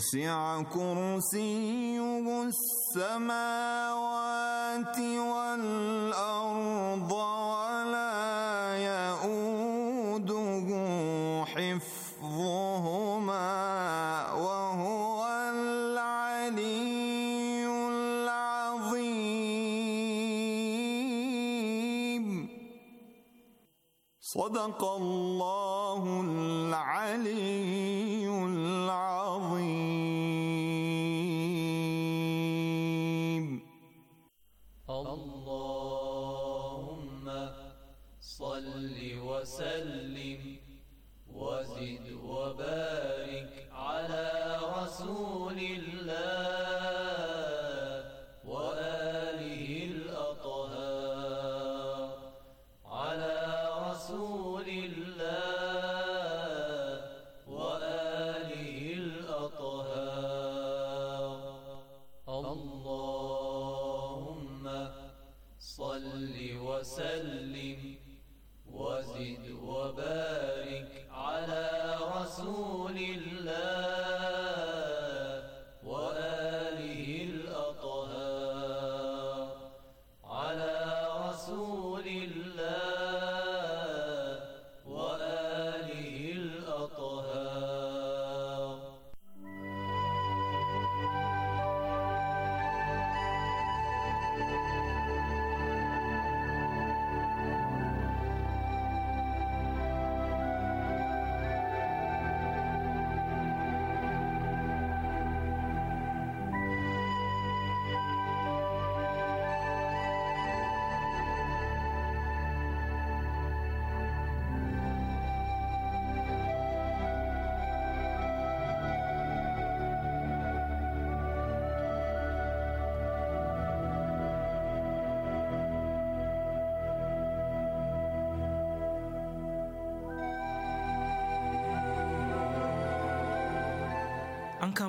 وسع كرسيه السماوات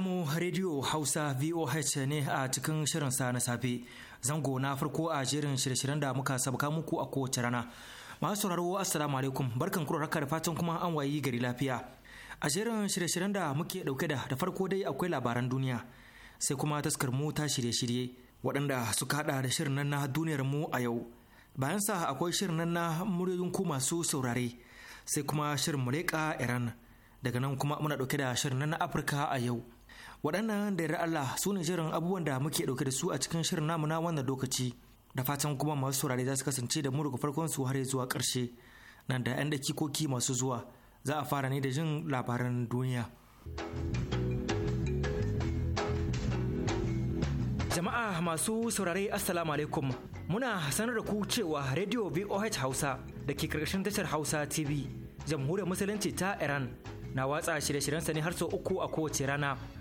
samu rediyo hausa voh ne a cikin shirin sa na safe zango na farko a jerin shirye-shiryen da muka sabuka muku a kowace rana masu sauraro assalamu alaikum barkan kuro raka da fatan kuma an wayi gari lafiya a jerin shirye-shiryen da muke dauke da da farko dai akwai labaran duniya sai kuma taskar mu ta shirye-shirye waɗanda suka hada da shirin nan na duniyar mu a yau bayan sa akwai shirin nan na muryoyin ku masu saurare sai kuma shirin mu leƙa iran daga nan kuma muna ɗauke da shirin na afirka a yau waɗannan da yarda Allah su ne jerin abubuwan da muke ɗauke da su a cikin shirin namu na wannan lokaci da fatan kuma masu saurare za su kasance da mu daga farkon su har zuwa ƙarshe nan da 'yan dakikoki masu zuwa za a fara ne da jin labaran duniya jama'a masu saurare assalamu alaikum muna sanar da ku cewa radio voh hausa da ke karkashin tashar hausa tv jamhuriyar musulunci ta iran na watsa shirye shiryen sa ne har sau uku a kowace rana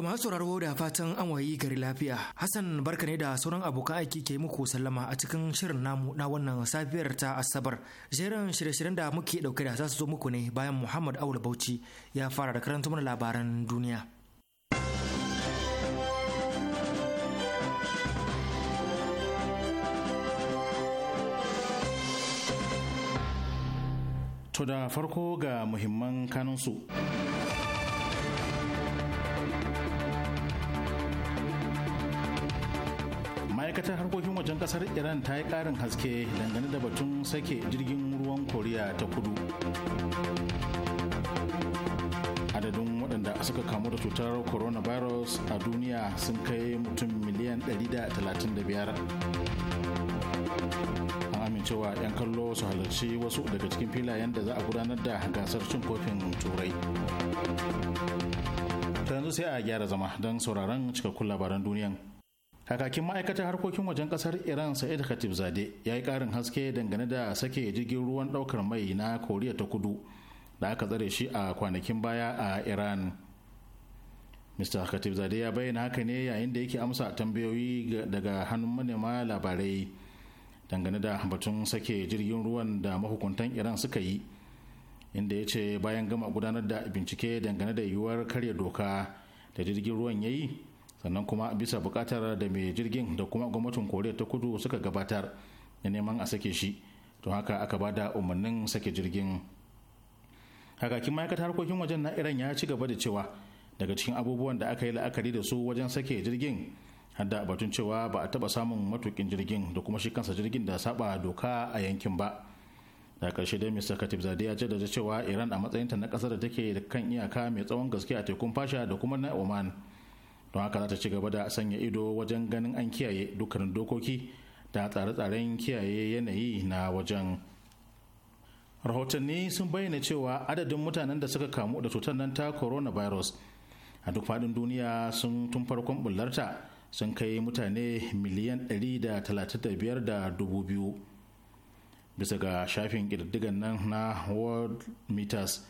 To masu sauraro da fatan an wayi gari lafiya. Hassan barka ne da sauran abokan aiki ke muku sallama a cikin shirin namu na wannan safiyar ta Asabar. Jerin shirye-shiryen da muke dauke da za su zo muku ne bayan Muhammad Awul Bauchi ya fara da karanta mana labaran duniya. To da farko ga muhimman kanunsu. ma'aikatar harkokin wajen kasar iran ta yi karin haske dangane da batun sake jirgin ruwan koriya ta kudu adadin waɗanda suka kamu da cutar coronavirus a duniya sun kai mutum miliyan 135 an amincewa 'yan kallo su halarci wasu daga cikin filayen da za a gudanar da gasar cin kofin turai ta yanzu sai a gyara zama don sauraron cikakkun labaran duniyan kakakin ma'aikatar harkokin wajen kasar iran sa'id khatib zade ya yi karin haske dangane da sake jirgin ruwan daukar mai na koriya ta kudu da aka tsare shi a kwanakin baya a iran mr khatib zade ya bayyana haka ne yayin da yake amsa tambayoyi daga hannun manema labarai dangane da batun sake jirgin ruwan da mahukuntan iran suka yi inda ya ce bayan gama gudanar da bincike dangane da yiwuwar karya doka da jirgin ruwan ya yi sannan kuma bisa bukatar da mai jirgin da kuma gwamnatin koriya ta kudu suka gabatar na neman a sake shi don haka aka ba da umarnin sake jirgin hakakin ma'aikatar harkokin wajen na iran ya ci gaba da cewa daga cikin abubuwan da aka yi la'akari da su wajen sake jirgin hadda batun cewa ba a taba samun matukin jirgin da kuma shi kansa jirgin da saba doka a yankin ba da karshe dai mr katib zade ya jaddada cewa iran a matsayinta na kasar da take kan iyaka mai tsawon gaske a tekun fasha da kuma na oman don haka za ta ci gaba da sanya ido wajen ganin an kiyaye dukkanin dokoki da tsare-tsaren kiyaye yanayi na wajen rahotanni sun bayyana cewa adadin mutanen da suka kamu da cutar nan ta coronavirus a duk faɗin duniya sun tun farkon bullarta sun kai mutane miliyan ɗari da dubu biyu bisa ga shafin ƙididdigan nan na world meters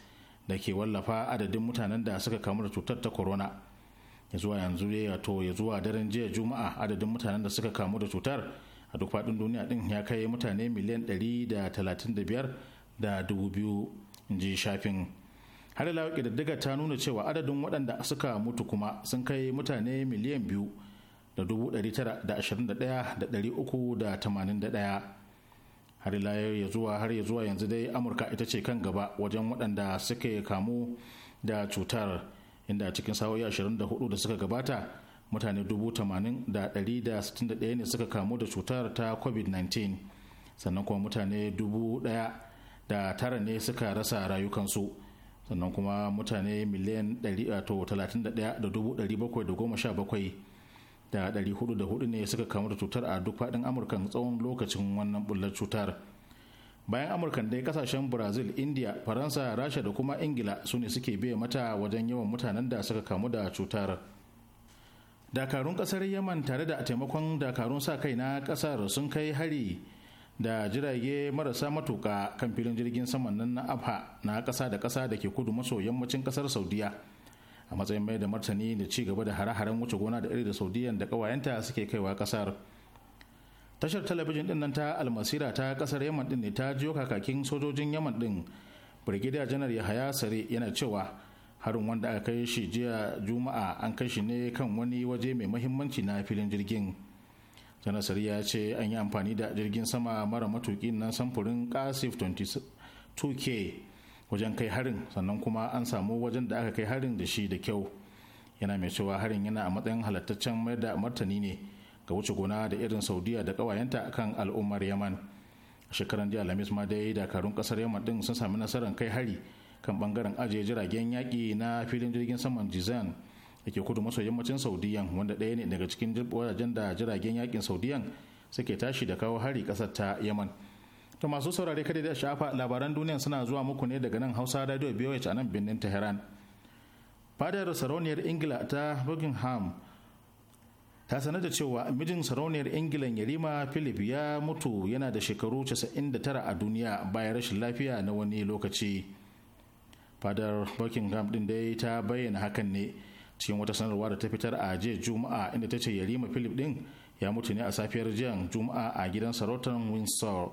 da ke wallafa adadin mutanen da suka kamu da cutar ta corona. ya zuwa yanzu ya wato ya zuwa daren jiya juma'a adadin mutanen da suka kamu da cutar a duk faɗin duniya din ya kai mutane miliyan 135 da ji shafin har ila ƙididdiga ta nuna cewa adadin waɗanda suka mutu kuma sun kai mutane miliyan biyu da dubu har ila ya zuwa har ya zuwa yanzu dai amurka ita ce kan gaba wajen waɗanda suka kamu da cutar inda a cikin sa'o'i 24 da suka gabata mutane 80,161 ne suka kamu da cutar ta covid-19 sannan kuma mutane da tara ne suka rasa rayukansu sannan kuma mutane miliyan 31,717 da 404 ne suka kamu da cutar a duk faɗin amurka tsawon lokacin wannan bullar cutar. bayan amurkan dai kasashen brazil india faransa rasha da kuma ingila su ne suke biya mata wajen yawan mutanen da suka kamu da cutar dakarun kasar yaman tare da taimakon dakarun sa kai na kasar sun kai hari da jirage marasa matuka kan filin jirgin saman nan na abha na kasa da kasa da ke kudu maso yammacin kasar saudiya a matsayin mai da martani da ci gaba da hare-haren wuce gona da iri da saudiyan da kawayenta suke kaiwa kasar tashar talabijin din nan ta almasira ta kasar yaman din ne ta jiyo kakakin sojojin yaman din birgida janar yahaya sare yana cewa harin wanda aka kai shi jiya juma'a an kai shi ne kan wani waje mai mahimmanci na filin jirgin janar sare ya ce an yi amfani da jirgin sama mara matuki na samfurin kasif 22k wajen kai harin sannan kuma an samu wajen da aka kai harin da shi da kyau yana mai cewa harin yana a matsayin halattaccen mai da martani ne ga wuce gona da irin saudiya da kawayenta kan al'ummar yaman shekaran jiya alhamis ma dai dakarun kasar yaman din sun sami nasarar kai hari kan bangaren ajiye jiragen yaƙi na filin jirgin saman jizan da ke kudu maso yammacin saudiyan wanda ɗaya ne daga cikin wajen da jiragen yaƙin saudiyan suke tashi da kawo hari ƙasar ta yaman to masu saurare kada da shafa labaran duniya suna zuwa muku ne daga nan hausa radio biyu a nan birnin tehran fadar sarauniyar ingila ta buckingham ta sanar da cewa mijin sarauniyar ingilan yarima philip ya mutu yana da shekaru 99 a duniya bayan rashin lafiya na wani lokaci fadar buckingham din dai ta bayyana hakan ne cikin wata sanarwa da ta fitar a jiya juma'a inda ta ce yarima philip din ya mutu ne a safiyar jiyan juma'a a gidan sarautar windsor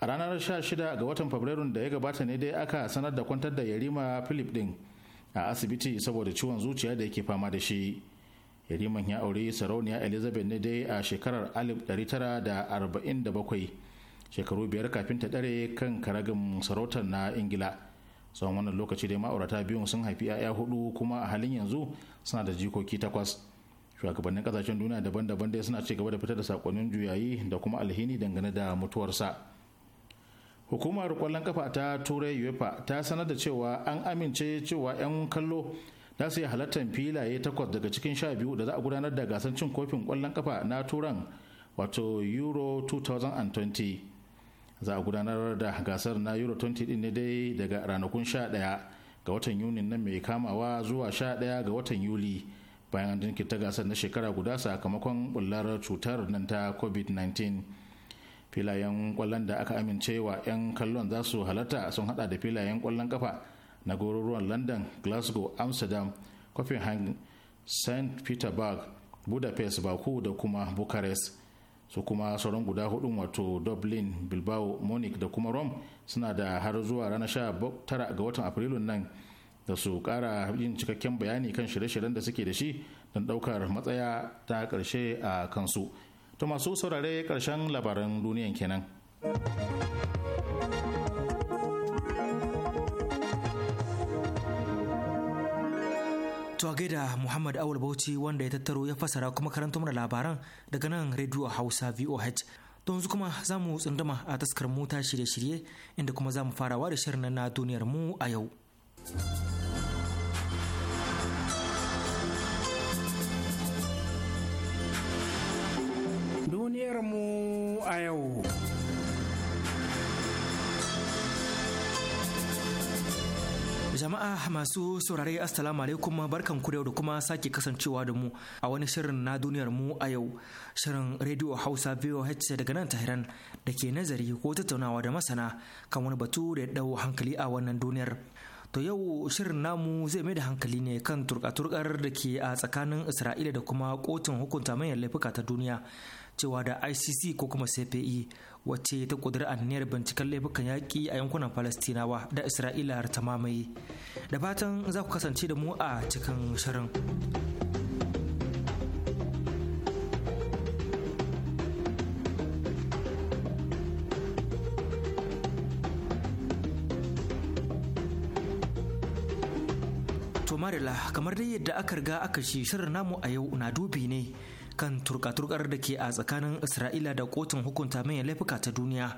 a ranar 16 ga watan fabrairun da ya gabata ne dai aka sanar da kwantar da yarima philip din a asibiti saboda ciwon zuciya da yake fama da shi yariman ya aure sarauniya elizabeth ne dai a shekarar 1947 shekaru biyar kafin ta dare kan karagin sarautar na ingila tsawon wannan lokaci dai ma'aurata biyun sun haifi 'ya'ya hudu kuma a halin yanzu suna da jikoki takwas shugabannin kasashen duniya daban-daban dai suna cigaba gaba da fitar da sakonnin juyayi da kuma alhini dangane da mutuwarsa hukumar kwallon kafa ta turai uefa ta sanar da cewa an amince cewa 'yan kallo za su yi halartar filaye takwas daga cikin sha biyu da za a gudanar da gasar cin kofin kwallon kafa na turan wato euro 2020 za a gudanar da gasar na euro 20 din ne dai daga ranakun sha 11 ga watan yuni nan mai kamawa zuwa sha 11 ga watan yuli bayan an ta gasar na shekara guda sakamakon bullar cutar nan ta covid-19 filayen kwallon da aka amincewa 'yan kallon za su halarta sun hada da filayen kwallon kafa na gororuwan london glasgow amsterdam copenhagen st peterburg budapest baku da kuma bucharest su kuma sauran guda hudun wato dublin bilbao munich da kuma rome suna da har zuwa ranar 19 ga watan afrilun nan da su kara yin cikakken bayani kan shirye-shiryen da suke da shi don daukar matsaya ta karshe a kansu to masu saurare karshen labaran duniyan kenan To da Muhammad Awul Bauchi wanda ya tattaro ya fasara kuma karanta mana labaran daga nan Radio Hausa VOH. To yanzu kuma za mu tsunduma a taskar mu ta shirye-shirye inda kuma za mu farawa da shirin na duniyar mu a yau. Duniyar mu a yau. Jama'a masu saurare Assalamu alaikum barkan ku da kuma sake kasancewa da mu a wani shirin na duniyar mu a yau shirin Radio Hausa VOH daga nan Tahiran da ke nazari ko tattaunawa da masana kan wani batu da ya dau hankali a wannan duniyar. To yau shirin namu zai mai da hankali ne kan turka-turkar da ke a tsakanin Isra'ila da kuma kotun hukunta manyan laifuka ta duniya cewa da ICC ko kuma CPE wacce ta ƙudiri aniyar binciken laifukan yaƙi a yankunan falastinawa da isra'ila ta mamaye da fatan za ku kasance da mu a cikin shirin kamar dai yadda aka riga aka shi shirin namu a yau na dubi ne kan turka-turkar da ke a tsakanin isra'ila da kotun hukunta mai laifuka ta duniya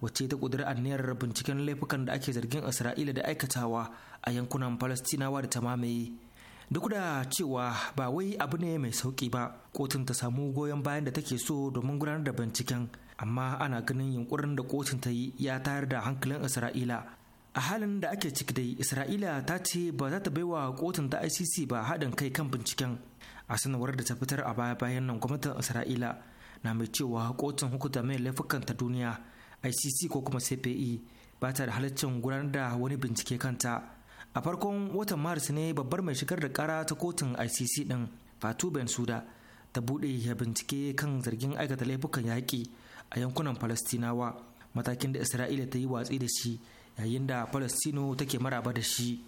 wacce ta ƙudiri aniyar binciken laifukan da ake zargin isra'ila da aikatawa a yankunan falastinawa da ta mamaye duk da cewa ba wai abu ne mai sauki ba kotun ta samu goyon bayan da take so domin gudanar da binciken amma ana ganin yunkurin da kotun ta yi ya tayar da hankalin isra'ila a halin da ake ciki dai isra'ila ta ce ba za ta baiwa kotun ta icc ba haɗin kai kan binciken a sanarwar da ta fitar a baya bayan nan gwamnatin isra'ila na mai cewa kotun hukunta mai laifukan ta duniya icc ko kuma cpe ba ta da halaccin gudanar da wani bincike kanta a farkon watan maris ne babbar mai shigar da kara ta kotun icc din fatu ben suda ta buɗe ya bincike kan zargin aikata laifukan yaƙi a yankunan falastinawa matakin da isra'ila ta yi watsi da shi yayin da palestino take maraba da shi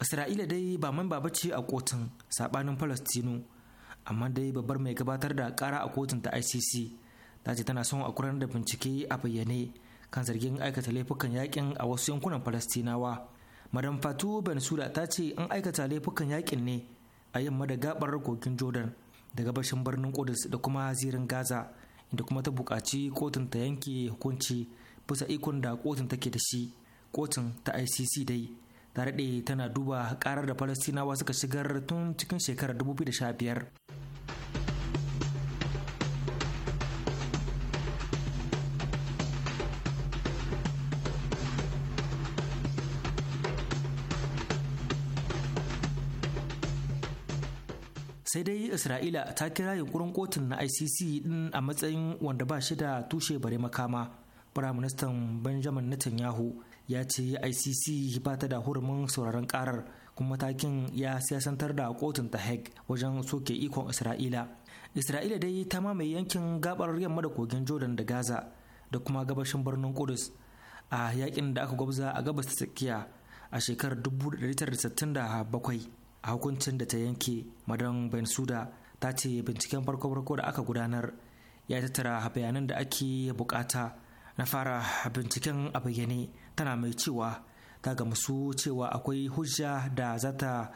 isra'ila dai ba man ba ce a kotun sabanin palestino amma dai babbar mai gabatar da kara a kotun ta icc ta ce tana son a kurar da bincike a bayyane kan zargin aikata laifukan yakin a wasu yankunan palestinawa madam fatu bensula ta ce an aikata laifukan yakin ne a yamma da gabar kogin jordan da gabashin birnin kudus da kuma zirin gaza inda kuma ta buƙaci kotun ta yanke hukunci bisa ikon da kotun take da shi kotun ta icc dai tare daɗe tana duba karar da falastinawa suka shigar tun cikin shekarar 2015 sai dai isra'ila ta kira yunkurin kotun na icc din a matsayin wanda ba shi da tushe bare makama firaministan benjamin netanyahu ya ce icc ba ta da hurumin sauraron karar kuma matakin ya siyasantar da kotun ta hague wajen soke ikon isra'ila isra'ila dai ta mamaye yankin gabar yamma da kogin jordan da gaza da kuma gabashin birnin kudus a yakin da aka gwabza a gabas ta tsakiya a shekarar 1967 a hukuncin da ta yanke madan suda ta ce binciken farko-farko da aka gudanar ya tattara bayanan da ake bukata na fara binciken a bayyane tana mai cewa ta gamu su cewa akwai hujja da za ta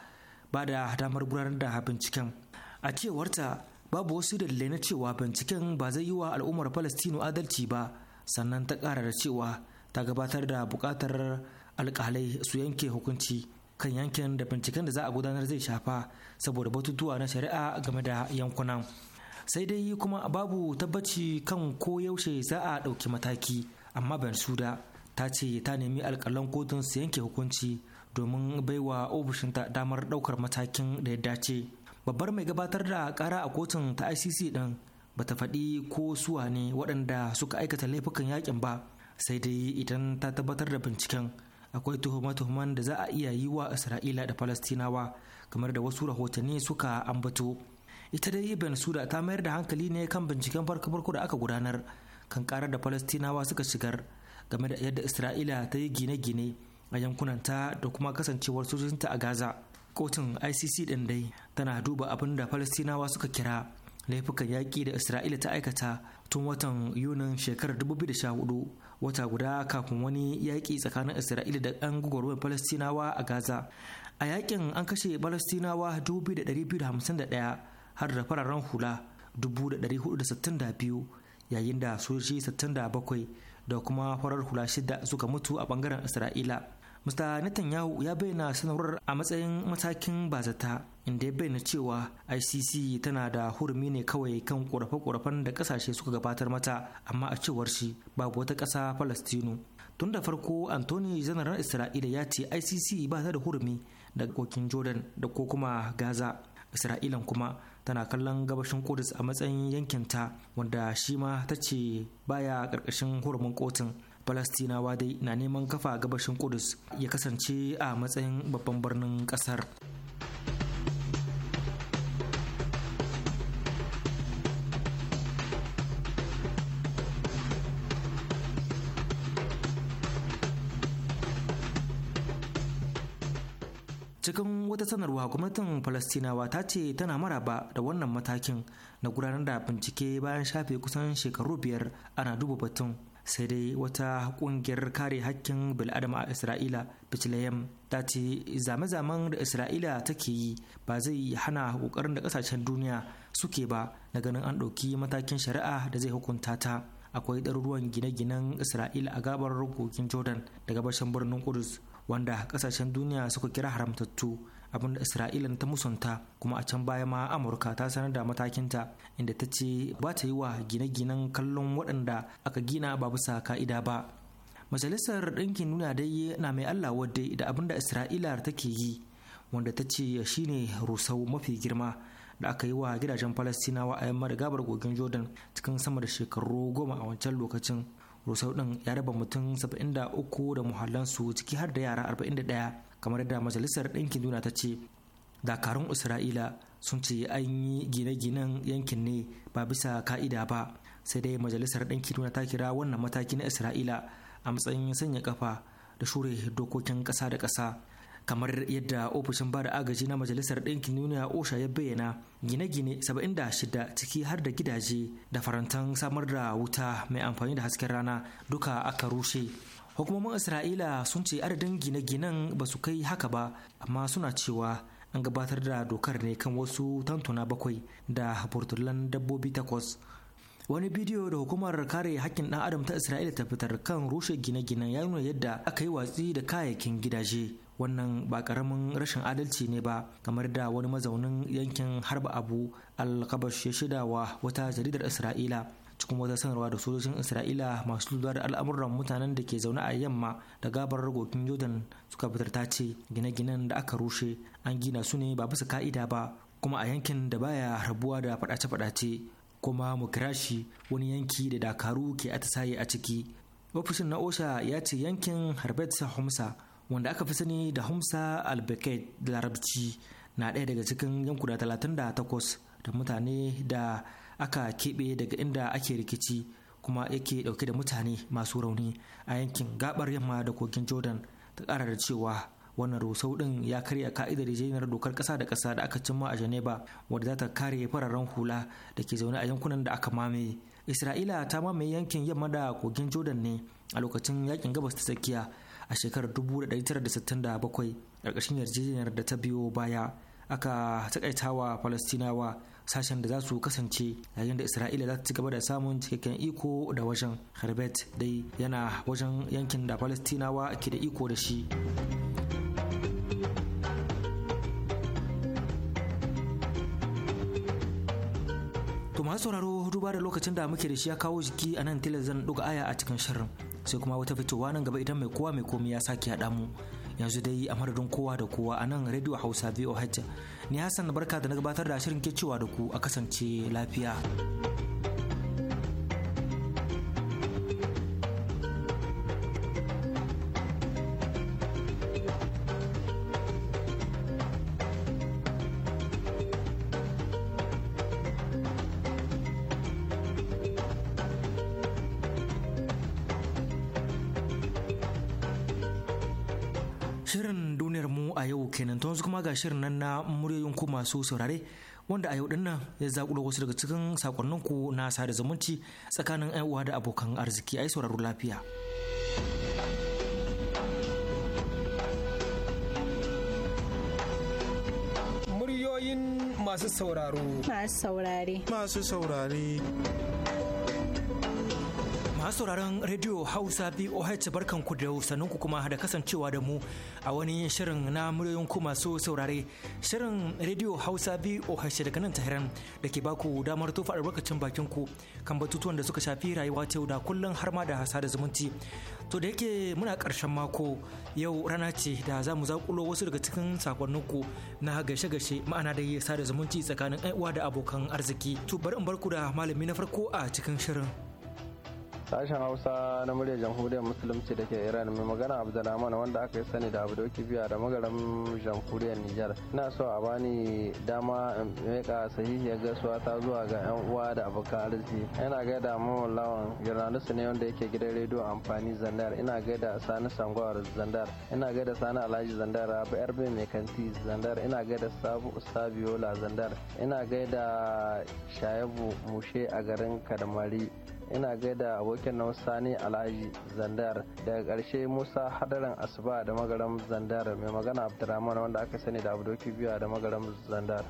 ba da damar gudanar da binciken a cewarta babu wasu dalilai na cewa binciken ba zai yi wa al'ummar palestino adalci ba sannan ta ƙara da cewa ta gabatar da buƙatar alƙalai su yanke hukunci kan yankin da binciken da za a gudanar zai shafa saboda batutuwa na shari'a game da yankunan sai dai kuma babu tabbaci kan ko yaushe za a ɗauki mataki amma ban su da ta ce ta nemi alkalan kotun su yanke hukunci domin baiwa ofishinta damar ɗaukar matakin da ya dace babbar mai gabatar da kara a kotun ta icc din ta faɗi ko suwa ne waɗanda suka aikata laifukan yakin ba sai dai idan ta tabbatar da binciken akwai tuhume-tuhumen da za a iya yi wa isra'ila da falastinawa kamar da wasu rahotanni suka ambato ita dai ben suda ta mayar da hankali ne kan binciken farko-farko da aka gudanar kan karar da falastinawa suka shigar game da yadda isra'ila ta yi gine-gine a yankunanta da kuma kasancewar sojojinta a gaza kotun icc din dai tana duba abin da falastinawa suka kira laifukan yaƙi da isra'ila ta aikata tun watan yunin shekarar 2014 wata guda kafin wani yaƙi tsakanin isra'ila da ɗan gugurwar falastinawa a gaza a yaƙin an kashe falastinawa 2,251 har da fararen hula 462 yayin da sojoji 67 da kuma farar hula shida suka mutu a bangaren isra'ila mr netanyahu ya bayyana sanarwar a matsayin matakin bazata inda ya bayyana cewa icc tana da hurumi ne kawai kan kurafe-kurafen da kasashe suka gabatar mata amma a cewar shi babu wata ƙasa falastinu tun da farko anthony general isra'ila ya ce icc ba ta da hurumi daga kokin jordan da ko kuma gaza isra'ilan kuma tana kallon gabashin kudus a matsayin yankinta wanda shi ma ta ce baya ƙarƙashin hurumin kotun falastinawa dai na neman kafa gabashin kudus ya kasance a matsayin babban birnin ƙasar cikin wata sanarwa gwamnatin falastinawa ta ce tana maraba da wannan matakin na gudanar da bincike bayan shafe kusan shekaru biyar ana duba batun sai dai wata kungiyar kare hakkin bil'adama a isra'ila bethlehem ta ce zame-zamen da isra'ila take yi ba zai hana kokarin da kasashen duniya suke ba na ganin an ɗauki matakin shari'a da zai hukunta ta akwai ɗaruruwan gine-ginen isra'ila a gabar kogin jordan da gabashin birnin kudus wanda kasashen duniya suka kira haramtattu abinda isra'ila ta musanta kuma a can baya ma amurka ta sanar da matakinta inda ta ce ba ta yi wa gine-ginen kallon waɗanda aka gina ba bisa ka'ida ba majalisar ɗinkin duniya dai na mai allah wadda da abinda isra'ila take yi wanda ta ce shine rusau mafi girma da aka yi wa gidajen falastinawa a yammar gabar kogin jordan cikin sama da shekaru goma a wancan lokacin rusau din ya raba mutum 73 da muhallansu ciki har da yara 41 kamar yadda majalisar ɗinkin juna ta ce dakarun isra'ila sun ce an yi gine-ginen yankin ne ba bisa ka'ida ba sai dai majalisar ɗinkin juna ta kira wannan mataki na isra'ila a matsayin sanya kafa da shure dokokin ƙasa da ƙasa kamar yadda ofishin bada agaji na majalisar ɗinkin duniya osha ya bayyana gine-gine 76 ciki har da gidaje da farantan samar da wuta mai amfani da hasken rana duka aka rushe hukumomin isra'ila sun ce adadin gine-ginen ba su kai haka ba amma suna cewa an gabatar da dokar ne kan wasu tantuna bakwai da burtulan dabbobi takwas wani bidiyo da hukumar kare hakkin ɗan adam ta isra'ila ta fitar kan rushe gine-ginen ya nuna yadda aka yi watsi da kayayyakin gidaje wannan ba karamin rashin adalci ne ba kamar da wani mazaunin yankin harba abu alkabash ya wa wata jaridar isra'ila cikin wata sanarwa da sojojin isra'ila masu lura da al'amuran mutanen da ke zaune a yamma da gabar ragokin jordan suka fitar ta ce gine-ginen da aka rushe an gina su ne ba bisa ka'ida ba kuma a yankin da baya rabuwa da fadace-fadace kuma mukirashi wani yanki da dakaru ke atisaye a ciki ofishin na osha ya ce yankin harbet homsa wanda aka fi sani da humsa albekai da larabci na ɗaya daga cikin yankuna talatin da takwas da mutane da aka keɓe daga inda ake rikici kuma yake ɗauke da mutane masu rauni a yankin gabar yamma da kogin jordan ta ƙara da cewa wannan rusau ɗin ya karya ka'idar yarjejeniyar dokar ƙasa da ƙasa da aka cimma a geneva wadda za ta kare fararen hula da ke zaune a yankunan da aka mamaye isra'ila ta mamaye yankin yamma da kogin jordan ne a lokacin yakin gabas ta tsakiya a shekarar 1967 ƙarƙashin yarjejeniyar da ta biyo baya aka takaitawa falastinawa sashen da za su kasance yayin da isra'ila za ta ci gaba da samun cikakken iko da wajen harbet dai yana wajen yankin da falastinawa ke da iko da shi masu sauraro duba da lokacin da muke da shi ya kawo jiki a nan zan ɗuga aya a cikin shirin sai kuma wata fitowa nan gaba idan mai kowa mai komi ya sake haɗa mu yanzu dai a madadin kowa da kowa a nan radio hausa hajja ni hassan barka da na gabatar da shirin ke da ku a kasance lafiya. shirin nan na muryoyin ku masu saurare wanda a yau din nan ya zakulo wasu daga cikin sakonnin ku na sada zumunci tsakanin yan uwa da abokan arziki ai sauraro lafiya. Muryoyin masu sauraro. Masu saurare. Masu saurare. Masu sauraron Radio Hausa BOH barkanku da ku kuma da kasancewa da mu a wani shirin na muryoyin ku masu saurare. Shirin Radio Hausa BOH daga nan Tahiran da ke baku damar tofa albarkacin bakin ku kan batutuwan da suka shafi rayuwa ta da kullum har ma da hasa da zumunci. To da yake muna karshen mako yau rana ce da za mu zakulo wasu daga cikin sakonninku na gashe gashe ma'ana da sada zumunci tsakanin uwa da abokan arziki. To bari in barku da malami na farko a cikin shirin. sashen hausa na muryar jamhuriyar musulunci da ke iran mai magana abdulrahman wanda aka yi sani da abu abdoki biya da magaram jamhuriyar nijar ina so a bani dama in meka sahihiyar gaisuwa ta zuwa ga yan uwa da abokan arziki ina da mamman lawan jiranisu ne wanda yake gidan rediyo amfani zandar ina da sani sangwar zandar ina da sani alhaji zandar 'yar bai mai kanti zandar ina da sabu sabiola zandar ina da shayabu mushe a garin kadamari ina gaida abokin nan sani alhaji zandar daga ƙarshe musa hadarin asuba da magaram zandar mai magana abdurrahman wanda aka sani da abdoki biyu da magaram zandar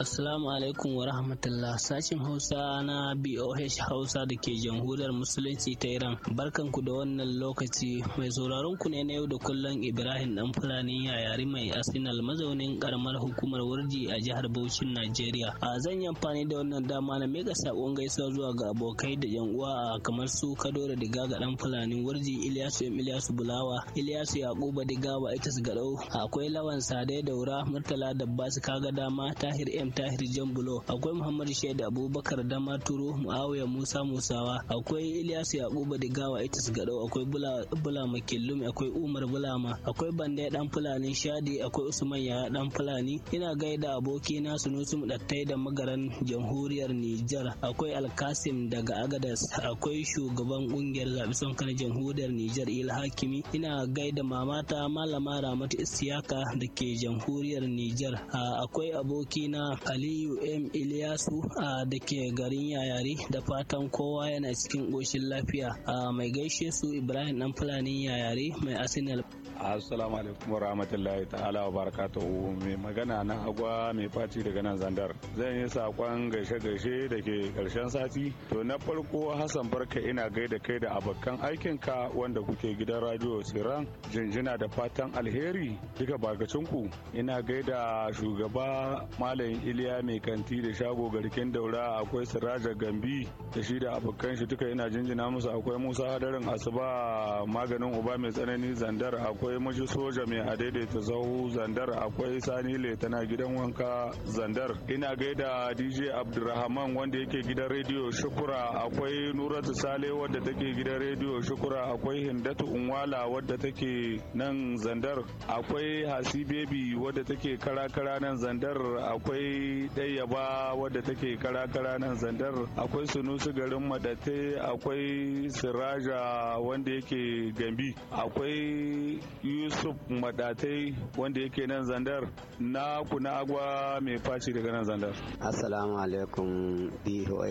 Assalamu alaikum wa rahmatullah sashin Hausa na BOH Hausa da ke jamhuriyar Musulunci ta Iran. Barkanku da wannan lokaci mai sauraron ku ne na yau da kullum Ibrahim dan Fulani ya yari mai asinal mazaunin karamar hukumar Wurji a jihar Bauchin Najeriya. A zan yi amfani da wannan dama na mega sakon gaisuwa zuwa ga abokai da yan uwa a kamar su kado Diga ga dan Fulani Wurji Ilyasu Ilyasu Bulawa Ilyasu Yakuba Digawa, wa Itas Gado akwai Lawan Sade Daura Murtala Dabbasu kaga dama Tahir M Tahir Jambulo akwai Muhammad Shaidu Abubakar Damaturo Muawiya Musa Musawa akwai Ilyasu Yakubu Digawa Itis Gado akwai Bula Bula akwai Umar Bulama akwai Bande Dan Fulani Shadi akwai Usman Yaya Dan Fulani ina gaida aboki na Sunusi Mudattai da magaran Jamhuriyar Nijar akwai Alkasim daga Agadas akwai shugaban ƙungiyar zaɓe son Jamhuriyar Nijar Il Hakimi ina gaida mamata Malama Ramatu Isiyaka da ke Jamhuriyar Nijar akwai aboki na aliyu m iliyasu da ke garin yayari da fatan kowa yana cikin ƙoshin lafiya a mai gaishe su ibrahim ɗan fulani yayari mai arsenal assalamu alaikum wa rahmatullahi ta'ala wa barakatuhu mai magana na agwa mai faci daga nan zandar zan yi sakon gaishe-gaishe da ke karshen sati to na farko hassan barka ina gaida kai da abokan aikinka wanda kuke gidan radio siran jinjina da fatan alheri duka bakacinku ina gaida shugaba malam iliya mai kanti da shago garkin daura akwai siraja gambi da shi da abokan shi duka ina jinjina musu akwai musa hadarin asuba maganin uba mai tsanani zandar akwai mashi soja mai adaidaita zahu zandar akwai sani tana gidan wanka zandar ina gaida dj abdurrahman wanda yake gidan rediyo shukura akwai nuratu sale wadda take gidan rediyo shukura akwai hindatu unwala wadda take nan zandar akwai hasi bebi wadda take kara kara nan zandar akwai akwai ɗayyaba wadda take kara-kara nan zandar akwai sunusu garin madate akwai siraja wanda yake gambi akwai yusuf madate wanda yake nan zandar na kuna agwa mai faci daga nan zandar assalamu alaikum boh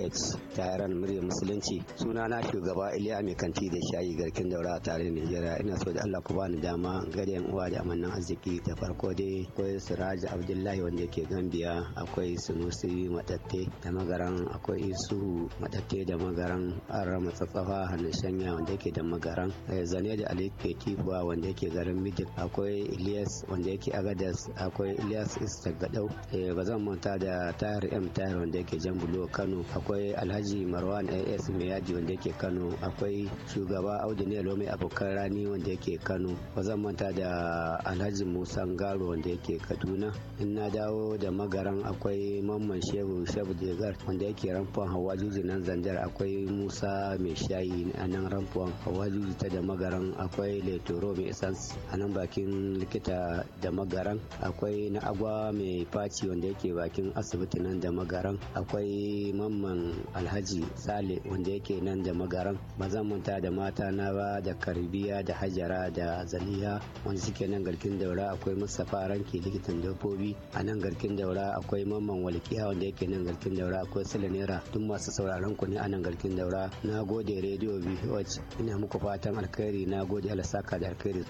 tayaran murya musulunci suna na shugaba iliya mai kanti da shayi garkin daura tare nigeria ina so da allah ku bani dama gare yan uwa da amannan arziki da farko dai akwai siraja abdullahi wanda yake gambiya akwai sunusi matatte da magaran akwai isu matatte da magaran Arama, tsatsafa hannun shanya wanda yake da magaran eh, zane da ali ketiba wanda yake garin mijik akwai ilias wanda yake agadas akwai ilyas istagadau eh, ba zan manta da tayar m tayar wanda yake jan kano akwai alhaji marwan as mai yaji wanda yake kano akwai shugaba audu ne lomi abokan rani wanda yake kano ba zan manta da alhaji musa ngaro wanda yake kaduna in na dawo da magaran akwai mamman shehu shehu jegar wanda yake ramfon hawa juji nan zanjar akwai musa mai shayi a nan ramfon hawa juji ta da magaran akwai leturo mai essence a nan bakin likita da magaran akwai na agwa mai faci wanda yake bakin asibiti nan da magaran akwai mamman alhaji sale wanda yake nan da magaran ba manta da mata na ba da karbiya da hajara da zaliha wanda suke nan garkin daura akwai mustapha ranke likitan dabbobi a nan garkin daura akwai akwai mamman walƙiya wanda yake nan garkin daura akwai silinera naira duk masu sauraron ku ne a nan garkin daura na gode rediyo bh ina muku fatan alkhairi na gode alasaka da alkhairi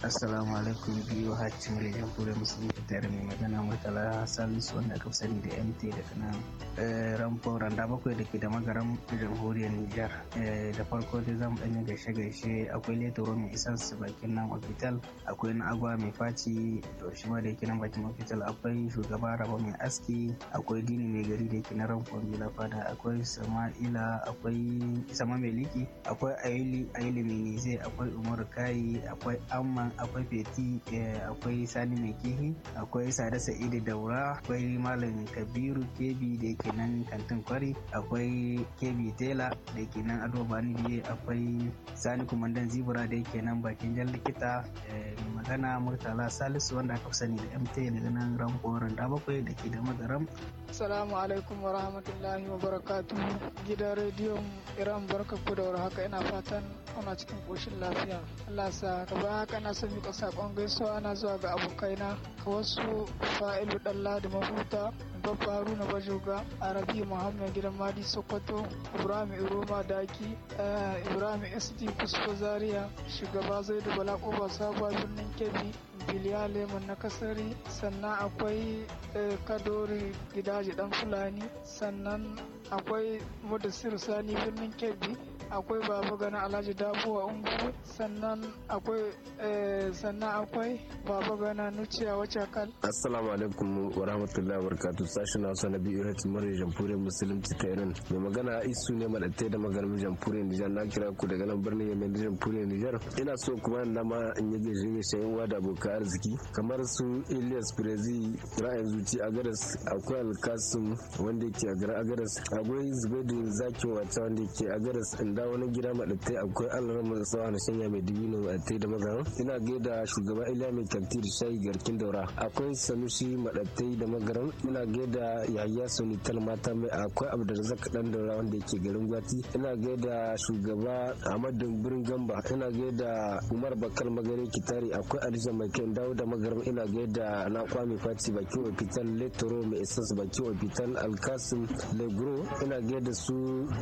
Assalamu alaikum biyu hacci mai jamhuriyar musulunci tare mai magana Murtala Salisu wanda aka sani da MT da kana eh, Ramfo Randa bakwai da ke da magaran jamhuriyar Nijar. Eh, da farko dai zamu ɗan yi gaishe-gaishe akwai letoro mai su bakin nan hospital akwai na agwa mai faci to shi ma da yake nan bakin hospital akwai shugaba raba mai aski akwai dini mai gari da yake na Ramfo Mila Fada akwai Sama'ila akwai Sama mai liki akwai ayili Ayuli mai nize akwai Umaru Kayi akwai amma. akwai feti eh, akwai sani mai kihi akwai sada sa'idu daura akwai malam kabiru kebi da yake nan kantin kwari akwai kebi tela da yake nan ado akwai sani kumandan zibura da yake nan bakin jan likita eh, magana murtala salisu wanda aka sani da mt daga nan ramko da bakwai da ke da magaram Assalamu alaikum wa rahmatullahi wa barakatu. gidan rediyon Iran barka ku da haka ina fatan ana cikin koshin lafiya Allah sa ka ba haka na isa miƙa saƙon gaisuwa ana zuwa ga abokaina wasu fa'ilu ɗalla da mahuta babba haruna bajoga arabi muhammad gidan madi sokoto ibrahim iroma daki eh, ibrahim sd kusfa zaria shugaba da bala kofa sabuwa birnin kebbi biliya lemon na kasari sannan akwai eh, kadori gidaje dan fulani sannan akwai mudasir sani birnin kebbi akwai baba gana alhaji dabuwa ungu sannan akwai eh, sannan akwai baba gani nuciya wacce kal assalamu alaikum wa rahmatullahi wa barakatuh sashen na na biyu rati mara jamhuriyar musulunci ta irin da magana isu ne madatta da maganar jamhuriyar nijar na kira ku daga nan birnin yemen jamhuriyar nijar ina so kuma in dama in yi gaji shayin sayan da abokan arziki kamar su ilias brezi ra'ayin zuci agaras akwai alkasum wanda yake a garin agaras akwai zubaidu zaki wata wanda yake agaras inda wani gida madattai akwai allah na tsawa na shanya mai dibino madattai da mazan ina gaida shugaba iliya mai kanti shayi garkin daura akwai sanusi madattai da magaran ina gaida yahaya sunital mata mai akwai abdulrazak dan daura wanda yake garin gwati ina gaida shugaba ahmadu birin gamba ina gaida umar bakal magare kitari akwai alisa mai kyan dawo da magaran ina gaida na kwami fati bakin ofital letoro mai isas baki hospital alkasim legro ina gaida su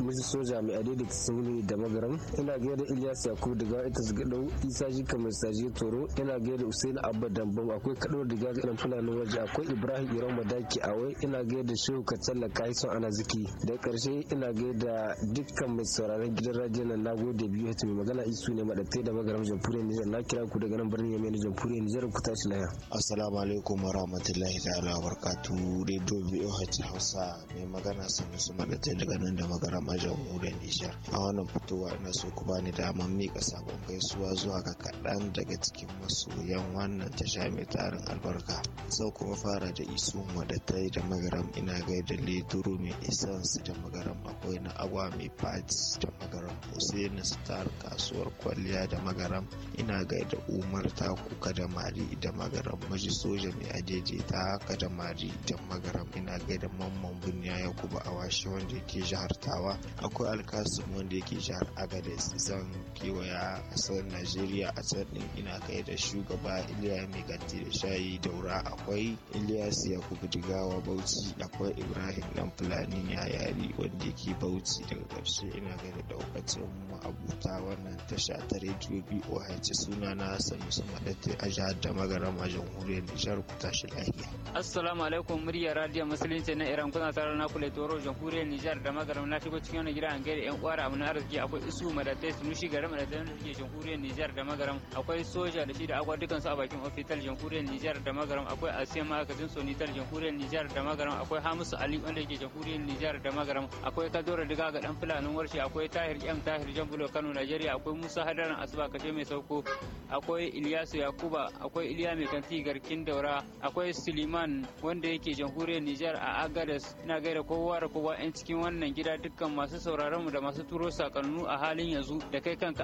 mrs soja mai adaidaita sun Rabi'u da Magaram ina gaida Ilyas Yakubu daga ita su gadau Isa Jika mai Saji Toro ina gaida Usain Abba Dambam akwai kaɗo daga gadan Fulani waje akwai Ibrahim Iran Madaki a wai ina gaida Shehu Katsalla Kaiso Anaziki da karshe ina gaida dukkan mai sauraron gidan nan na gode biyu hatu mai magana isu ne madatai da Magaram jamhuriyar Nijar na kira ku daga nan birnin Yemen jamhuriyar Nijar ku tashi laya. assalamu alaikum wa rahmatullahi ta'ala wa barakatuh radio biyu hatu Hausa mai magana sanusu madatai daga nan da Magaram a jamhuriyar Nijar wannan fitowa na so ku bani daman mika sabon gaisuwa zuwa ga kaɗan daga cikin masoyan wannan tasha mai tarin albarka sau kuma fara da isu madatai da magaram ina gai da leturu mai su da magaram akwai na agwa mai fati da magaram hussein star kasuwar kwalliya da magaram ina gai da umar ta kuka da mari da magaram maji soja mai ajeje ta da mari da magaram ina gai da mamman bunya kuma awashi wanda yake jihar tawa akwai alkasim wanda yake ke jihar agadez zan kewaya kasar najeriya a can din ina kai da shugaba iliya mai da shayi daura akwai ilyas yakubu digawa bauchi akwai ibrahim dan fulani yari wanda yake bauchi daga karshe ina kai da daukacin abuta wannan tasha ta rediyo boh suna na sanusi madatta a jihar da magaram a jamhuriyar nijar ku tashi lafiya assalamu alaikum murya radiyon musulunci na iran kuna tare na kula toro jamhuriyar nijar da magaram na shigo cikin wani gida an gaida yan kwara amina da akwai isu madatai sunushi garin madatai da suke jamhuriyar Nijar da magaram akwai soja da shi da agwa dukansu a bakin ofital jamhuriyar Nijar da magaram akwai asiya ma'aikacin sonital jamhuriyar Nijar da magaram akwai hamisu ali wanda ke jamhuriyar Nijar da magaram akwai kadora diga ga dan fulanin warshe akwai tahir yan tahir jambulo kano Najeriya akwai musa hadaran asuba kaje mai sauko akwai iliyasu yakuba akwai iliya mai kanti garkin daura akwai suleiman wanda yake jamhuriyar Nijar a agadas ina gaida kowa da kowa yan cikin wannan gida dukkan masu sauraron mu da masu turo sakannu a halin yanzu da kai kanka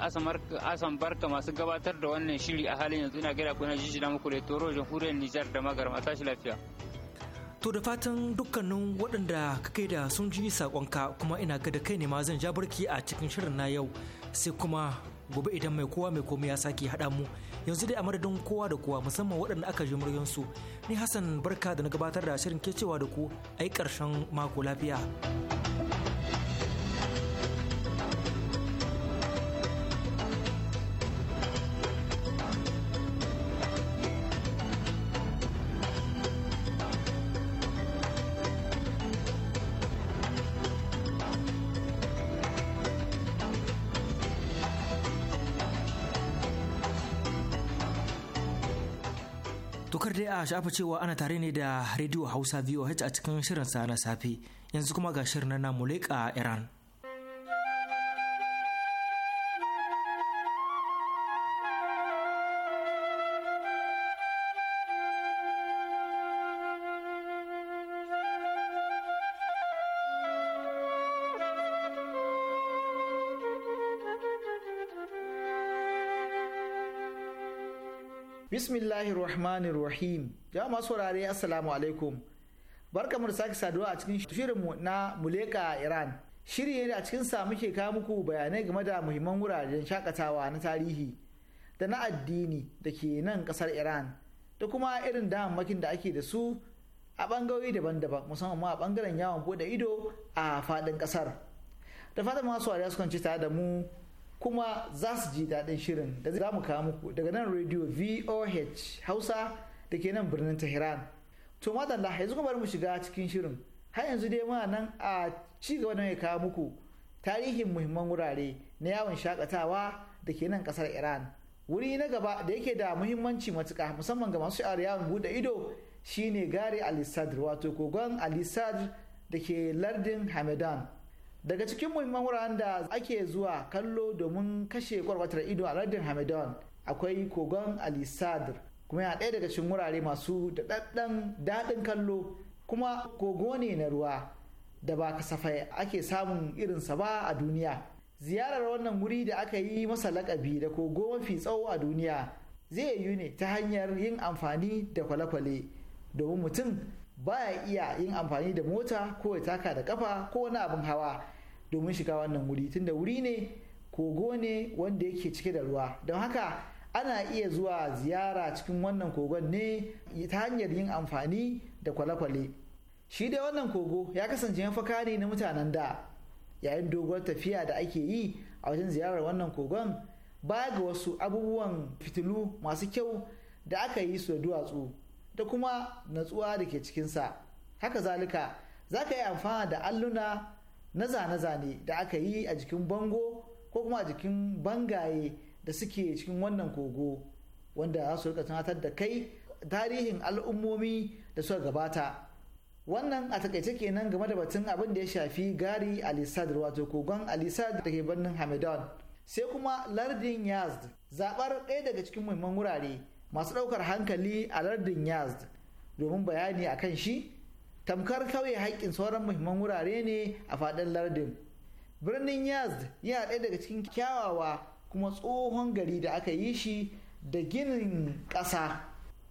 asan barka masu gabatar da wannan shiri a halin yanzu ina gaida kuna jiji na muku toro jamhuriyar nijar da magarma tashi lafiya to da fatan dukkanin waɗanda kai da sun ji sakonka kuma ina ga da kai ne ma zan ja barki a cikin shirin na yau sai kuma gobe idan mai kowa mai komai ya sake hada mu yanzu dai a madadin kowa da kowa musamman waɗanda aka ji su ni hassan barka da na gabatar da shirin ke da ku ai ƙarshen mako lafiya Tokar dai a shafa cewa ana tare ne da Radio Hausa VOH a cikin shirin sa na safe yanzu kuma ga shirin na Muleka Iran. Bismillahirrahmanirrahim. Ya masu wurare Assalamu alaikum. Barka mu sake saduwa a cikin shirinmu na Muleka Iran. Shiri ne a cikin sa muke kawo muku bayanai game da muhimman wuraren shakatawa na tarihi da na addini da ke nan kasar Iran da kuma irin damammakin da ake da su a bangarori daban-daban musamman ma a bangaren yawon bude ido a faɗin kasar. Da fatan masu wurare sukan ci tare da mu kuma za su ji daɗin shirin da za mu kawo muku daga nan rediyo voh hausa da ke nan birnin tehran to madalla yanzu kuma bari mu shiga cikin shirin har yanzu dai muna nan a ci gaba da mai kawo muku tarihin muhimman wurare na yawon shakatawa da ke nan kasar iran wuri na gaba da yake da muhimmanci matuka musamman ga masu sha'ar yawon buɗe ido shine gare alisadr wato kogon alisadr da ke lardin hamadan daga cikin muhimman wuraren da ake zuwa kallo domin kashe kwarkwatar ido a lardin hamadan akwai kogon alisadr kuma yana ɗaya daga cikin wurare masu daɗaɗɗen daɗin kallo kuma kogo ne na ruwa da ba kasafai ake samun irinsa ba a duniya ziyarar wannan wuri da aka yi masa lakabi da kogo mafi tsawo a duniya zai yiwu ne ta hanyar yin amfani da kwale-kwale domin mutum baya iya yin amfani da mota ko ya taka da kafa ko wani abin hawa domin shiga wannan wuri tunda wuri ne kogo ne wanda yake cike da ruwa don haka ana iya zuwa ziyara cikin wannan kogon ne ta hanyar yin amfani da kwale-kwale shi dai wannan kogo ya kasance mafaka ne na mutanen da yayin doguwar tafiya da ake yi a wajen ziyarar wannan kogon baya ga wasu abubuwan fitilu masu kyau da aka yi su da duwatsu da kuma natsuwa da ke cikinsa haka zalika za ka yi amfana da alluna na zane-zane da aka yi a jikin bango ko kuma a jikin bangaye da suke cikin wannan kogo wanda za su rika tunatar da kai tarihin al'ummomi da suka gabata wannan a takaice kenan game da batun abin da ya shafi gari alisad wato kogon alisad da ke birnin hamadan sai kuma lardin yazd zaɓar ɗaya daga cikin muhimman wurare masu ɗaukar hankali a lardin yazd domin bayani akan shi tamkar kauye haƙƙin sauran muhimman wurare ne a faɗin lardin birnin yazd yana ɗaya daga cikin kyawawa kuma tsohon gari da aka yi shi da ginin ƙasa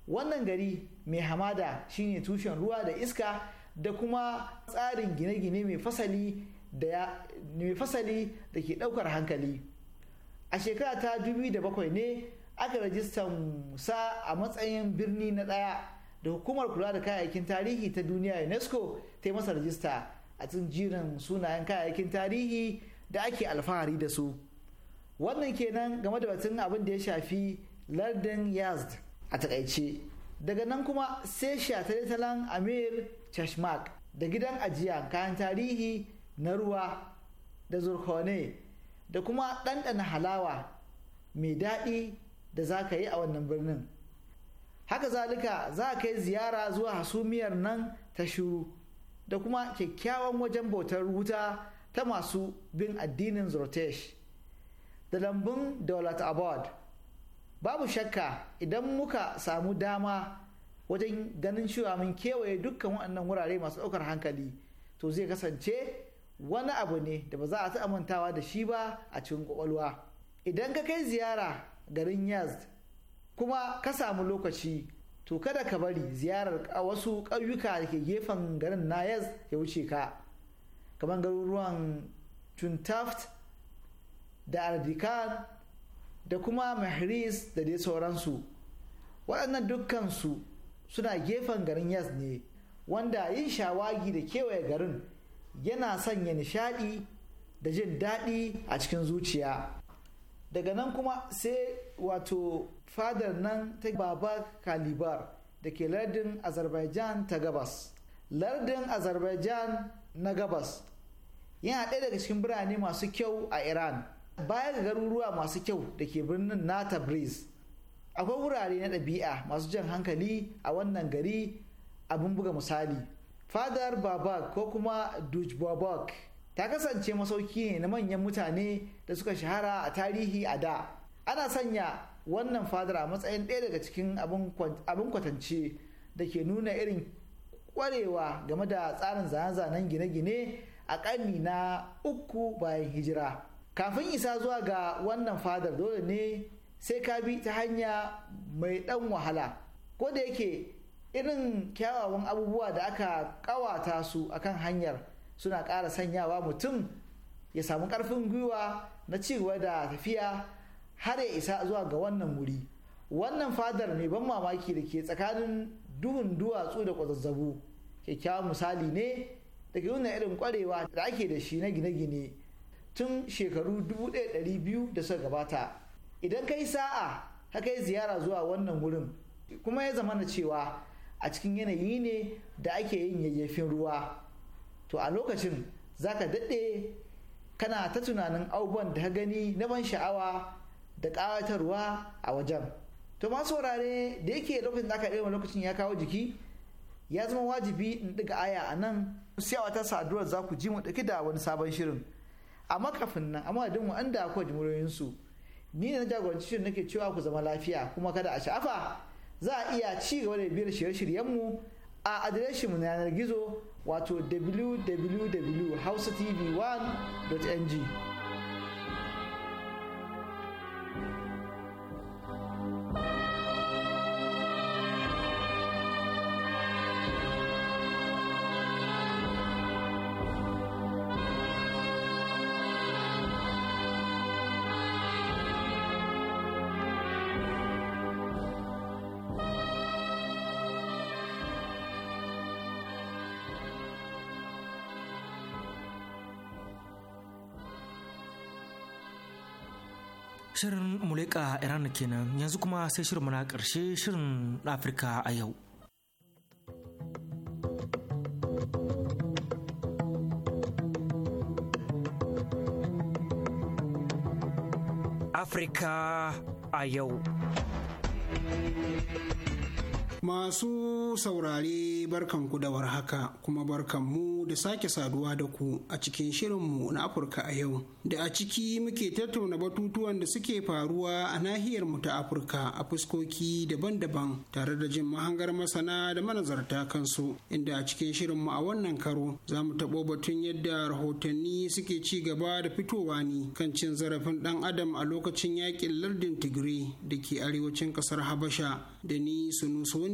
wannan gari mai hamada shine tushen ruwa da iska da kuma tsarin gine-gine mai fasali da ke ɗaukar hankali a shekara ta 2007 ne aka rajistan sa a matsayin birni na ɗaya da hukumar kula da kayayyakin tarihi ta duniya unesco ta yi masa rajista a cikin jirin sunayen kayayyakin tarihi da ake alfahari da su wannan kenan game da batun abin da ya shafi lardin yazd a takaice daga nan kuma sai shataletalen amir chashmak da gidan ajiya kayan tarihi na ruwa da zurkone da kuma ɗanɗana halawa mai daɗi da za ka yi a wannan birnin haka zalika za a kai ziyara zuwa hasumiyar nan ta shuru da kuma kyakkyawan wajen bautar wuta ta masu bin addinin zortesh da lambun daulat abad babu shakka idan muka samu dama wajen ganin cewa mun kewaye dukkan waɗannan wurare masu ɗaukar hankali to zai kasance wani abu ne da ba za a ta amintawa da shi ba a cikin ƙwaƙwalwa. idan ka kai ziyara garin yazd kuma ka samu lokaci to kada ka bari ziyarar a wasu ƙauyuka da ke gefen garin nayaz ya wuce ka kamar garuruwan tuntaft da ardikan da kuma mahris da dai sauransu waɗannan dukkansu suna gefen garin yas ne wanda yin shawagi da kewaye garin yana sanya nishaɗi da jin daɗi a cikin zuciya daga nan kuma sai wato fadar nan ta baba kalibar da ke lardin azerbaijan ta gabas lardin azerbaijan na gabas yana ɗaya daga cikin birane masu kyau a iran baya ga garuruwa masu kyau da ke birnin na tabriz akwai wurare na ɗabi'a masu jan hankali a wannan gari abin buga misali fadar babak ko kuma duj babak ta kasance masauki ne na manyan mutane da suka shahara a tarihi a da ana sanya wannan fadar a matsayin ɗaya daga cikin abin kwatance da ke nuna irin kwarewa game da tsarin zane-zanen gine-gine a ƙarni na uku bayan hijira kafin isa zuwa ga wannan fadar dole ne sai ka bi ta hanya mai ɗan wahala ko da yake irin kyawawan abubuwa da aka ƙawata su akan hanyar suna ƙara sanyawa mutum ya samu ƙarfin gwiwa na cigaba da tafiya har ya isa zuwa ga wannan wuri wannan fadar mai ban mamaki da ke tsakanin duhun duwatsu da kwazazzabu kyakkyawan misali ne daga nuna irin kwarewa da ake da shi na gine-gine tun shekaru 1200 da suka gabata idan kai sa'a ka kai ziyara zuwa wannan wurin kuma ya zama na cewa a cikin yanayi ne da ake yin yayyafin ruwa to a lokacin za ka daɗe kana ta tunanin abubuwan da ka gani na ban sha'awa da ƙawatarwa a wajen to ma saurare da yake lokacin da aka ɗaya lokacin ya kawo jiki ya zama wajibi in ɗiga aya a nan sai a wata saduwar za ku ji mu ɗauki da wani sabon shirin amma kafin nan amma da wanda akwai su ni ne na jagoranci shirin nake cewa ku zama lafiya kuma kada a sha'afa za a iya ci gaba da biyar shirye-shiryenmu a adireshinmu na yanar gizo wato www.hausatv1.ng Shirin Muleka Iran kenan yanzu kuma sai shirin na karshe shirin Afirka a yau. Afirka a yau. Masu saurare barkanku da warhaka kuma barkanmu da sake saduwa da ku a cikin shirinmu na Afirka a yau. Da a ciki muke tattauna batutuwan da suke faruwa a nahiyar mu ta Afirka a fuskoki daban-daban tare da jin mahangar masana da manazarta kansu inda a cikin shirinmu a wannan karo za mu taɓo batun yadda rahotanni suke ci gaba da fitowa ne kan cin zarafin ɗan adam a lokacin yakin lardin Tigray da ke arewacin ƙasar Habasha da ni Sunusu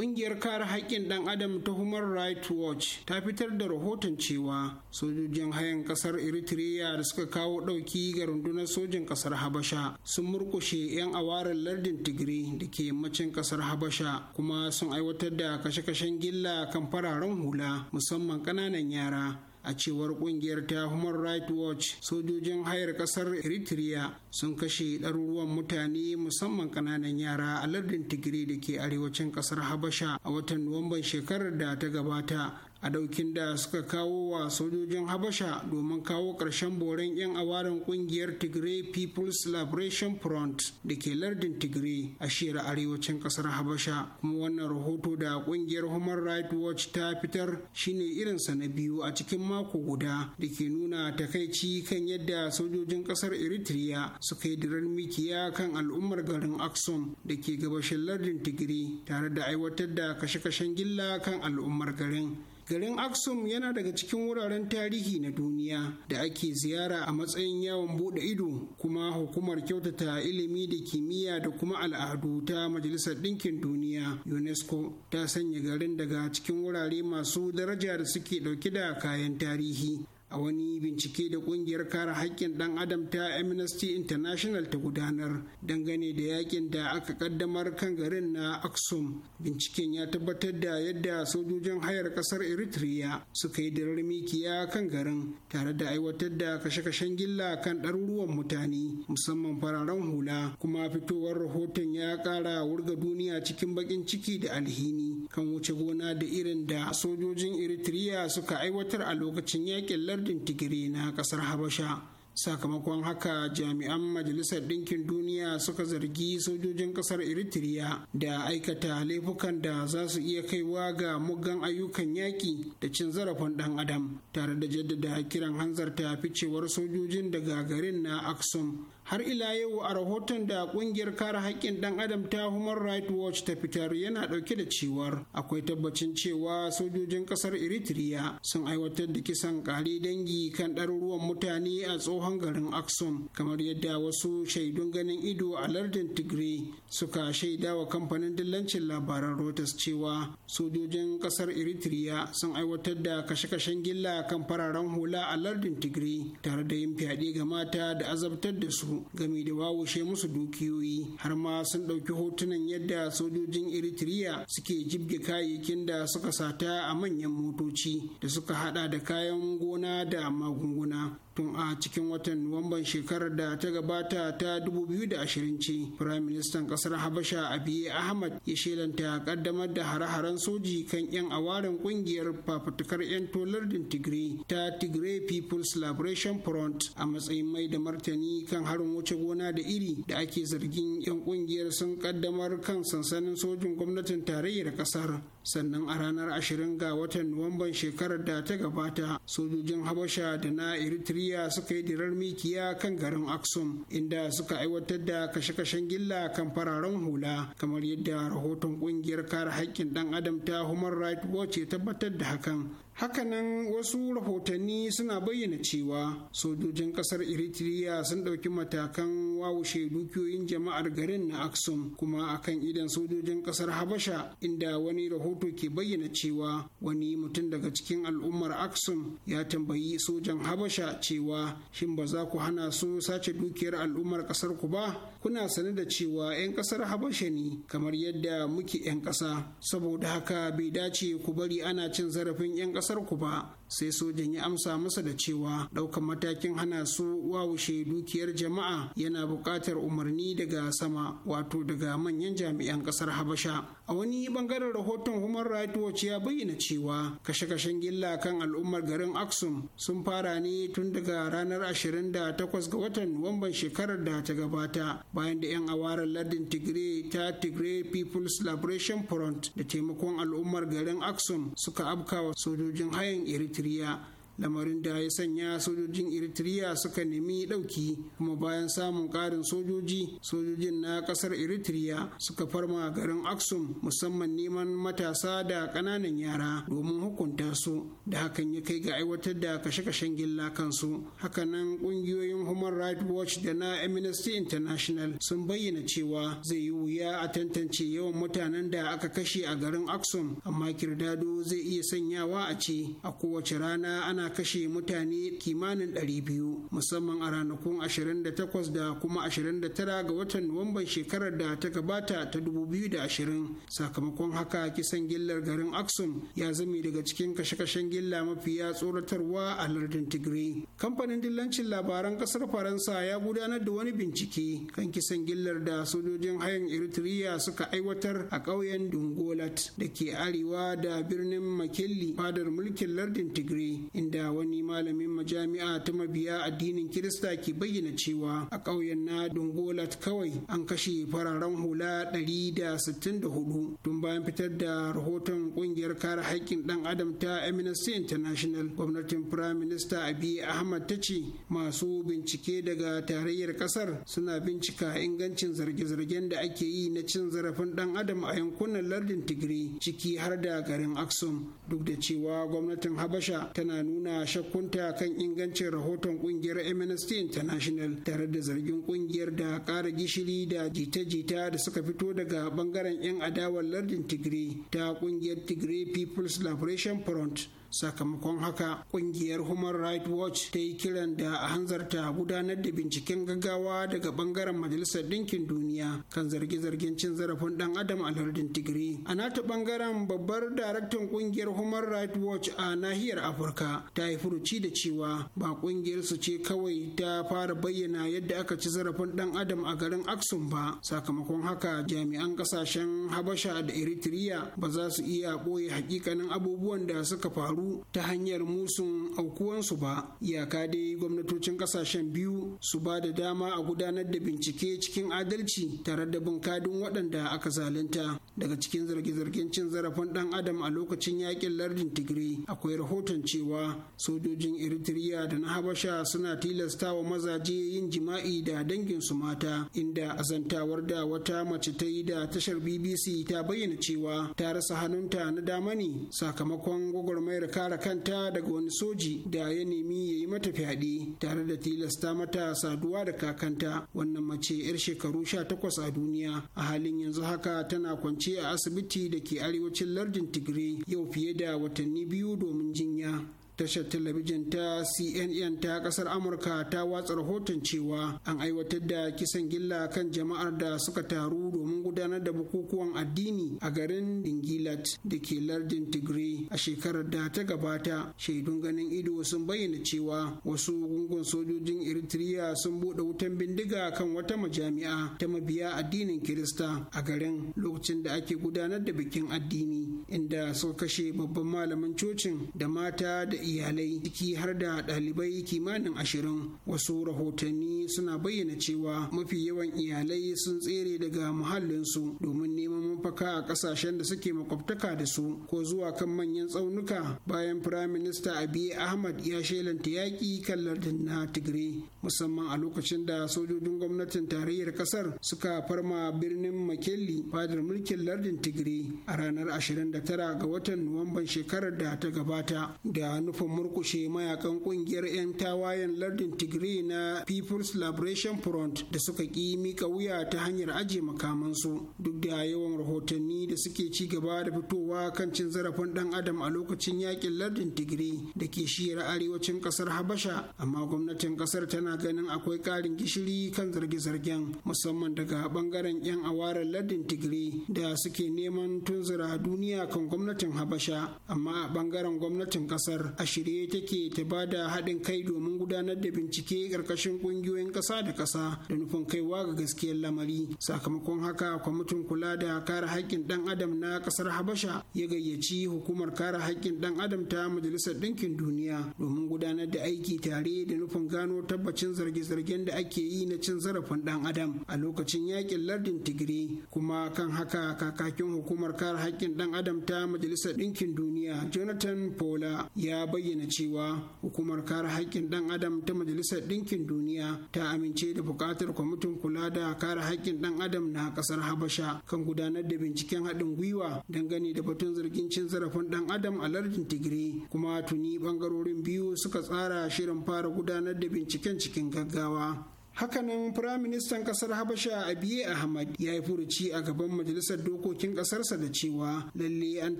Ƙungiyar kare haƙƙin ɗan adam ta Human Rights Watch ta fitar da rahoton cewa sojojin hayan ƙasar Eritrea da suka kawo ɗauki ga rundunar sojin ƙasar Habasha sun murƙushe 'yan awarar lardin Tigray da ke yammacin ƙasar Habasha kuma sun aiwatar da kashe-kashen gilla kan fararen hula musamman ƙananan yara. a cewar kungiyar ta human rights watch sojojin hayar kasar eritrea sun kashe ɗaruruwan mutane musamman ƙananan yara a lardin tigiri da ke arewacin ƙasar habasha a watan nuwamban shekarar da ta gabata a daukin da suka kawo wa sojojin habasha domin kawo ƙarshen boren 'yan awarin ƙungiyar tigray people's liberation front da ke lardin tigray a shiyar arewacin ƙasar habasha kuma wannan rahoto da ƙungiyar human rights watch ta fitar shine irinsa na biyu a cikin mako guda da ke nuna takaici kan yadda sojojin ƙasar eritrea suka yi dirar mikiya kan al'ummar garin Aksum da ke gabashin lardin Tigray tare da aiwatar da kashe-kashen gilla kan al'ummar garin. Garin Aksum yana daga cikin wuraren tarihi na duniya da ake ziyara a matsayin yawon bude ido kuma hukumar kyautata ilimi da kimiyya da kuma al'adu ta Majalisar Ɗinkin Duniya UNESCO ta sanya garin daga cikin wurare masu daraja da suke ɗauke da kayan tarihi. a wani bincike da kungiyar kare haƙƙin ɗan adam ta amnesty international ta gudanar dangane da yakin da aka kaddamar kan garin na aksum binciken ya tabbatar da yadda sojojin hayar ƙasar eritrea suka yi dirar mikiya kan garin tare da aiwatar da kashe-kashen gilla kan ɗaruruwan mutane musamman fararen hula kuma fitowar rahoton ya ƙara wurga duniya cikin baƙin ciki da alhini kan wuce gona da irin da sojojin eritrea suka aiwatar a lokacin yakin lardin tigiri na kasar habasha sakamakon haka jami'an majalisar ɗinkin duniya suka zargi sojojin kasar eritrea da aikata laifukan da za su iya kaiwa ga muggan ayyukan yaƙi da cin zarafin ɗan adam tare da jaddada kiran hanzarta ficewar sojojin daga garin na aksum har ila yau a rahoton da kungiyar kare haƙƙin ɗan adam ta human rights watch ta fitar yana ɗauke da cewar akwai tabbacin cewa sojojin ƙasar eritrea sun aiwatar da kisan ƙare dangi kan ɗaruruwan mutane a tsohon garin Axon, kamar yadda wasu shaidun ganin ido a lardin tigray suka shaida wa kamfanin dillancin labaran reuters cewa sojojin ƙasar eritrea sun aiwatar da kashe-kashen gilla kan fararen hula a lardin tigray tare da yin fyaɗe ga mata da azabtar da su gami da wawushe musu dukiyoyi har ma sun ɗauki hotunan yadda sojojin eritrea suke jibge kayayyakin da suka sata a manyan motoci da suka hada da kayan gona da magunguna tun a cikin watan nuwamban shekarar da ta gabata ta 2020 ce firayim ministan kasar habasha abiye ahmad ya shelanta kaddamar da hare-haren soji kan 'yan awarin kungiyar fafutukar 'yan tolardin tigray ta tigray people's liberation front a matsayin mai da martani kan harin harin wuce gona da iri da ake zargin 'yan kungiyar sun kaddamar kan sansanin sojin gwamnatin tarayyar kasar sannan a ranar 20 ga watan nuwamban shekarar da ta gabata sojojin habasha da na eritrea suka yi dirar mikiya kan garin aksum inda suka aiwatar da kashe-kashen gilla kan fararen hula kamar yadda rahoton kungiyar kare haƙƙin ɗan adam ta human rights watch ya tabbatar da hakan hakanan wasu rahotanni suna bayyana cewa sojojin kasar eritrea sun ɗauki matakan wawushe dukiyoyin jama'ar garin na aksum kuma akan idan sojojin kasar habasha inda wani rahoto ke bayyana cewa wani mutum daga cikin al'ummar aksum ya tambayi sojan habasha cewa shin ba za ku hana su sace dukiyar al'ummar kasar ku ba kuna sane da cewa 'yan kasar habasha ne kamar yadda muke 'yan kasa saboda haka bai dace ku bari ana cin zarafin 'yan kasar ku ba sai sojan ya amsa masa da cewa ɗaukan matakin hana su wawushe dukiyar jama'a yana buƙatar umarni daga sama wato daga manyan jami'an ƙasar habasha a wani ɓangaren rahoton human rights watch ya bayyana cewa kashe-kashen gilla kan al'ummar garin aksum sun fara ne tun daga ranar 28 ga watan nuwamban shekarar da ta gabata bayan da 'yan awarar lardin tigray ta tigray people's liberation front da taimakon al'ummar garin aksum suka wa sojojin hayan eritrea eritrea lamarin da ya sanya sojojin eritrea suka nemi ɗauki kuma bayan samun ƙarin sojoji sojojin na ƙasar eritrea suka farma garin aksum musamman neman matasa da ƙananan yara domin hukunta su da hakan ya kai ga aiwatar da kashe-kashen gilla kansu hakanan ƙungiyoyin human rights watch da na amnesty international sun bayyana cewa zai yi wuya a tantance yawan mutanen da aka kashe a garin aksum amma kirdado zai iya sanyawa a ce a kowace rana ana kashe mutane kimanin 200 musamman a ranakun 28 da kuma 29 ga watan Nuwamban shekarar da ta gabata ta 2020 sakamakon haka kisan gillar garin Aksum ya zame daga cikin kashe-kashen gilla mafi ya tsoratarwa a lardin Tigray. Kamfanin dillancin labaran kasar Faransa ya gudanar da wani bincike kan kisan gillar da sojojin hayan Eritrea suka aiwatar a ƙauyen Dungolat da ke arewa da birnin Makelli fadar mulkin lardin Tigray inda Da wani malamin majami'a ta mabiya addinin kirista ke bayyana cewa a ƙauyen na dungolat kawai an kashe fararen hula 164 tun bayan fitar da rahoton ƙungiyar kare haƙƙin ɗan adam ta amnesty international gwamnatin prime minister abiy ahmad ta ce masu bincike daga tarayyar ƙasar suna bincika ingancin zarge-zargen da ake yi na cin zarafin ɗan adam a yankunan lardin Tigray ciki har da garin aksum duk da cewa gwamnatin habasha tana nuna nuna shakkunta kan ingancin rahoton kungiyar amnesty international tare da zargin kungiyar da ƙara gishiri da jita-jita da suka fito daga bangaren 'yan adawar lardin tigray ta kungiyar tigray people's liberation front sakamakon haka kungiyar human rights watch ta yi kiran da a hanzarta gudanar da binciken gaggawa daga bangaren majalisar Dinkin duniya kan zarge-zargen cin zarafin dan adam a lardin tigiri a nata bangaren babbar daraktan kungiyar human rights watch a nahiyar afirka ta yi furuci da cewa ba kungiyar su ce kawai ta fara bayyana yadda aka ci zarafin dan adam a garin aksum ba sakamakon haka jami'an kasashen habasha da eritrea ba za su iya ɓoye hakikanin abubuwan da suka faru faru ta hanyar musun aukuwansu ba iyaka dai gwamnatocin kasashen biyu su ba da dama a gudanar da bincike cikin adalci tare da bin kadin waɗanda aka zalunta daga cikin zarge-zargen cin zarafin ɗan adam a lokacin yakin lardin tigray akwai rahoton cewa sojojin eritrea da na habasha suna tilasta wa mazaje yin jima'i da danginsu mata inda azantawar da wata mace ta yi da tashar bbc ta bayyana cewa ta rasa hannunta na dama ne sakamakon gwagwarmayar kare kanta daga wani soji da ya nemi ya yi mata fyaɗe tare da tilasta mata saduwa da kakanta wannan mace 'yar shekaru sha takwas a duniya a halin yanzu haka tana kwance a asibiti da ke arewacin lardin tigray yau fiye da watanni biyu domin jinya tashar talabijin ta cnn ta kasar amurka ta watsa rahoton cewa an aiwatar da kisan gilla kan jama'ar da suka taru domin gudanar da bukukuwan addini a garin dingilat da ke lardin tigray a shekarar da ta gabata shaidun ganin ido sun bayyana cewa wasu gungun sojojin eritrea sun buɗe wutan bindiga kan wata majami'a ta mabiya addinin kirista a garin lokacin da ake gudanar da bikin addini inda suka kashe babban malamin cocin da mata da iyalai ciki har da ɗalibai kimanin ashirin wasu rahotanni suna bayyana cewa mafi yawan iyalai sun tsere daga muhallinsu domin neman mafaka a ƙasashen da suke makwabtaka da su ko zuwa kan manyan tsaunuka bayan firaminista abiy ahmad ya shelanta yaƙi kan lardin na tigray musamman a lokacin da sojojin gwamnatin tarayyar kasar suka farma birnin makelli fadar mulkin lardin tigiri a ranar 29 ga watan nuwamban shekarar da ta gabata da nufin murkushe mayakan kungiyar 'yan tawayen lardin tigiri na people's liberation front da suka ki mika wuya ta hanyar ajiye makamansu duk da yawan rahotanni da suke ci gaba da fitowa kan cin zarafin dan adam a lokacin yakin lardin tigiri da ke shiyar arewacin kasar habasha amma gwamnatin kasar tana ana ganin akwai ƙarin gishiri kan zarge-zargen musamman daga bangaren 'yan awarar ladin tigiri da suke neman tunzura duniya kan gwamnatin habasha amma a bangaren gwamnatin kasar a shirye take ta ba da haɗin kai domin gudanar da bincike ƙarƙashin ƙungiyoyin ƙasa da ƙasa da nufin kaiwa ga gaskiyar lamari sakamakon haka kwamitin kula da kare haƙƙin ɗan adam na ƙasar habasha ya gayyaci hukumar kare haƙƙin ɗan adam ta majalisar ɗinkin duniya domin gudanar da aiki tare da nufin gano tabbacin lokacin zarge-zargen da ake yi na cin zarafin dan adam a lokacin yakin lardin tigiri kuma kan haka kakakin hukumar kare haƙƙin dan adam ta majalisar ɗinkin duniya jonathan pola ya bayyana cewa hukumar kare haƙƙin dan adam ta majalisar ɗinkin duniya ta amince da buƙatar kwamitin kula da kare haƙƙin dan adam na ƙasar habasha kan gudanar da binciken haɗin gwiwa dangane da batun zargin cin zarafin dan adam a lardin tigiri kuma tuni bangarorin biyu suka tsara shirin fara gudanar da binciken cikin gaggawa hakanan firaministan kasar habasha Abiy ahmad ya yi furuci a gaban majalisar dokokin kasarsa da cewa lalle an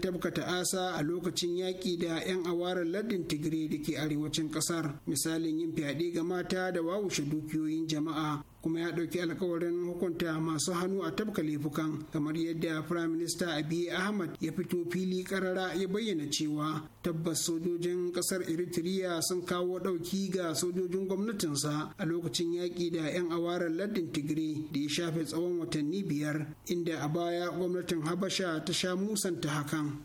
tabkata asa a lokacin yaƙi da 'yan awarar ladin tigray da ke arewacin kasar misalin yin fyaɗe ga mata da wawushe dukiyoyin jama'a kuma ya ɗauki alkawarin hukunta masu hannu a tabka laifukan kamar yadda prime minista abiy ahmad ya fito fili karara ya bayyana cewa tabbas sojojin ƙasar eritrea sun kawo ɗauki ga sojojin gwamnatinsa a lokacin yaƙi da 'yan awarar lardin tigray da ya shafe tsawon watanni biyar inda a baya gwamnatin habasha ta sha musanta hakan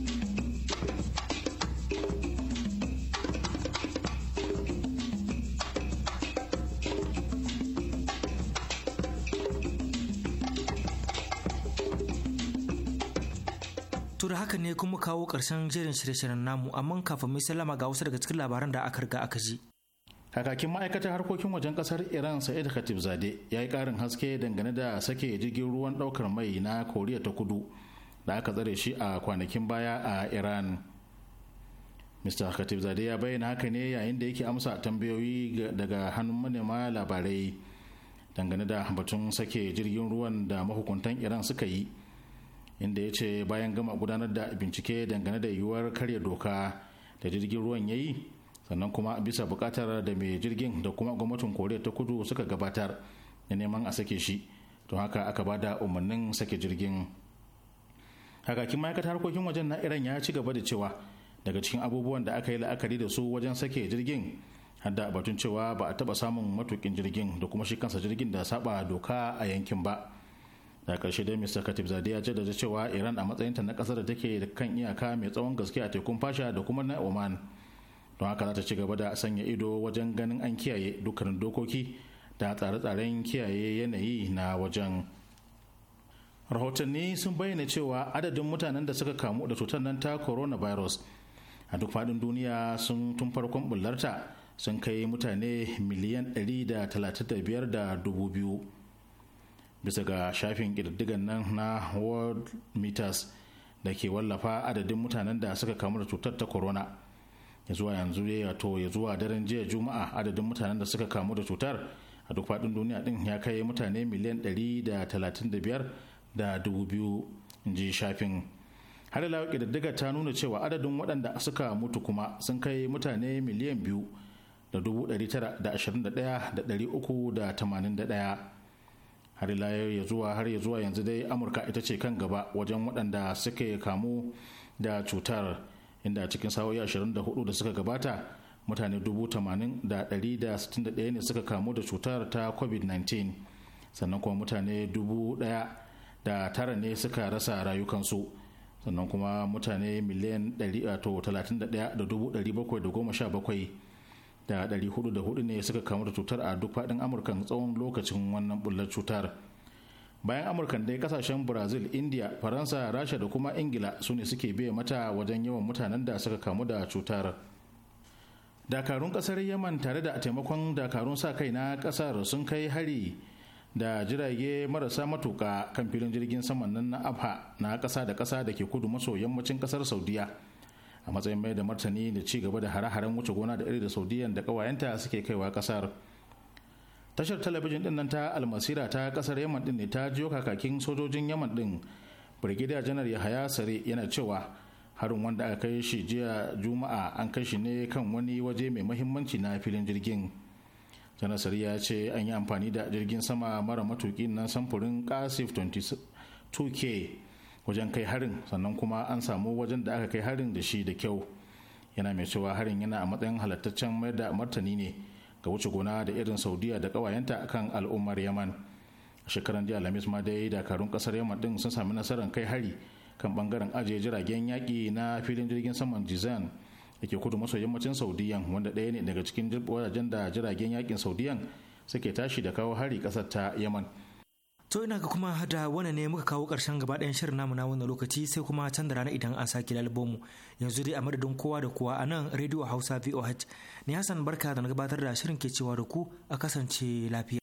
To da haka ne kuma kawo ƙarshen jerin shirye-shiryen namu amma kafin mai sallama ga wasu daga cikin labaran da aka riga aka ji. Kakakin ma'aikatar harkokin wajen kasar Iran Sa'id Khatib Zade ya yi ƙarin haske dangane da sake jirgin ruwan ɗaukar mai na Koriya ta Kudu da aka tsare shi a kwanakin baya a Iran. Mr. Khatib Zade ya bayyana haka ne yayin da yake amsa tambayoyi daga hannun manema labarai dangane da batun sake jirgin ruwan da mahukuntan Iran suka yi. inda ya ce bayan gama gudanar da bincike dangane da yiwuwar karya doka da jirgin ruwan ya yi sannan kuma bisa bukatar da mai jirgin da kuma gwamnatin koriya ta kudu suka gabatar da neman a sake shi don haka aka ba da umarnin sake jirgin hakakin ma'aikatar harkokin wajen na iran ya ci gaba da cewa daga cikin abubuwan da aka yi la'akari da su wajen sake jirgin har da batun cewa ba a taba samun matukin jirgin da kuma shi kansa jirgin da saba doka a yankin ba. da karshe dai mr katib zade ya jaddada cewa iran a matsayinta na kasar da take kan iyaka mai tsawon gaske a tekun fasha da kuma na oman don haka za ta ci gaba da sanya ido wajen ganin an kiyaye dukkanin dokoki da tsare-tsaren kiyaye yanayi na wajen rahotanni sun bayyana cewa adadin mutanen da suka kamu da cutar nan ta coronavirus a duk fadin duniya sun tun farkon bullarta sun kai mutane miliyan 135 da dubu biyu bisa ga shafin ƙididdigan nan na world meters da ke wallafa adadin mutanen da suka kamu da cutar ta corona ya zuwa yanzu ya to ya zuwa daren jiya juma'a adadin mutanen da suka kamu da cutar a duk faɗin duniya din ya kai mutane miliyan 135 da dubu biyu ji shafin har ila ƙididdiga ta nuna cewa adadin waɗanda suka mutu kuma sun kai mutane miliyan biyu da dubu ɗari da ashirin har ya zuwa har ya zuwa yanzu dai amurka ita ce kan gaba wajen waɗanda suke kamu da cutar inda cikin sa'o'i 24 da suka gabata mutane 80,161 ne suka kamu da cutar ta covid-19 sannan kuma mutane 1,009 ne suka rasa rayukansu sannan kuma mutane miliyan 31,717 da 404 ne suka kamu da cutar a duk faɗin amurkan tsawon lokacin wannan bullar cutar bayan amurkan dai kasashen brazil india faransa rasha da kuma ingila su ne suke biya mata wajen yawan mutanen da suka kamu da cutar dakarun kasar yaman tare da taimakon dakarun sa kai na kasar sun kai hari da jirage marasa matuka kan filin jirgin saman nan na abha na kasa da kasa da ke kudu maso yammacin kasar saudiya a matsayin mai da martani da ci gaba da hare-haren wuce gona da iri da saudiyan da kawayenta suke kaiwa kasar tashar talabijin din nan ta almasira ta kasar yaman din ne ta jiyo kakakin sojojin yaman din brigadier janar yahaya sare yana cewa harin wanda aka kai shi jiya juma'a an kai shi ne kan wani waje mai mahimmanci na filin jirgin janar sare ya ce an yi amfani da jirgin sama mara matukin nan samfurin kasif 22k wajen kai harin sannan kuma an samu wajen da aka kai harin da shi da kyau yana mai cewa harin yana a matsayin halattaccen mayar da martani ne ga wuce gona da irin saudiya da kawayenta kan al'ummar yaman a shekaran jiya alhamis ma dai dakarun kasar yaman din sun sami nasarar kai hari kan bangaren ajiye jiragen yaƙi na filin jirgin saman jizan da ke kudu maso yammacin saudiyan wanda ɗaya ne daga cikin wajajen da jiragen yaƙin saudiyan suke tashi da kawo hari ƙasar ta yaman To ina ga kuma da wannan ne muka kawo karshen gaba ɗayan shirin namu na wannan lokaci sai kuma canza da rana idan an sake mu yanzu dai a madadin kowa da kowa a nan rediyo Hausa VOH ne hasan barka da na gabatar da shirin ke cewa da ku a kasance lafiya.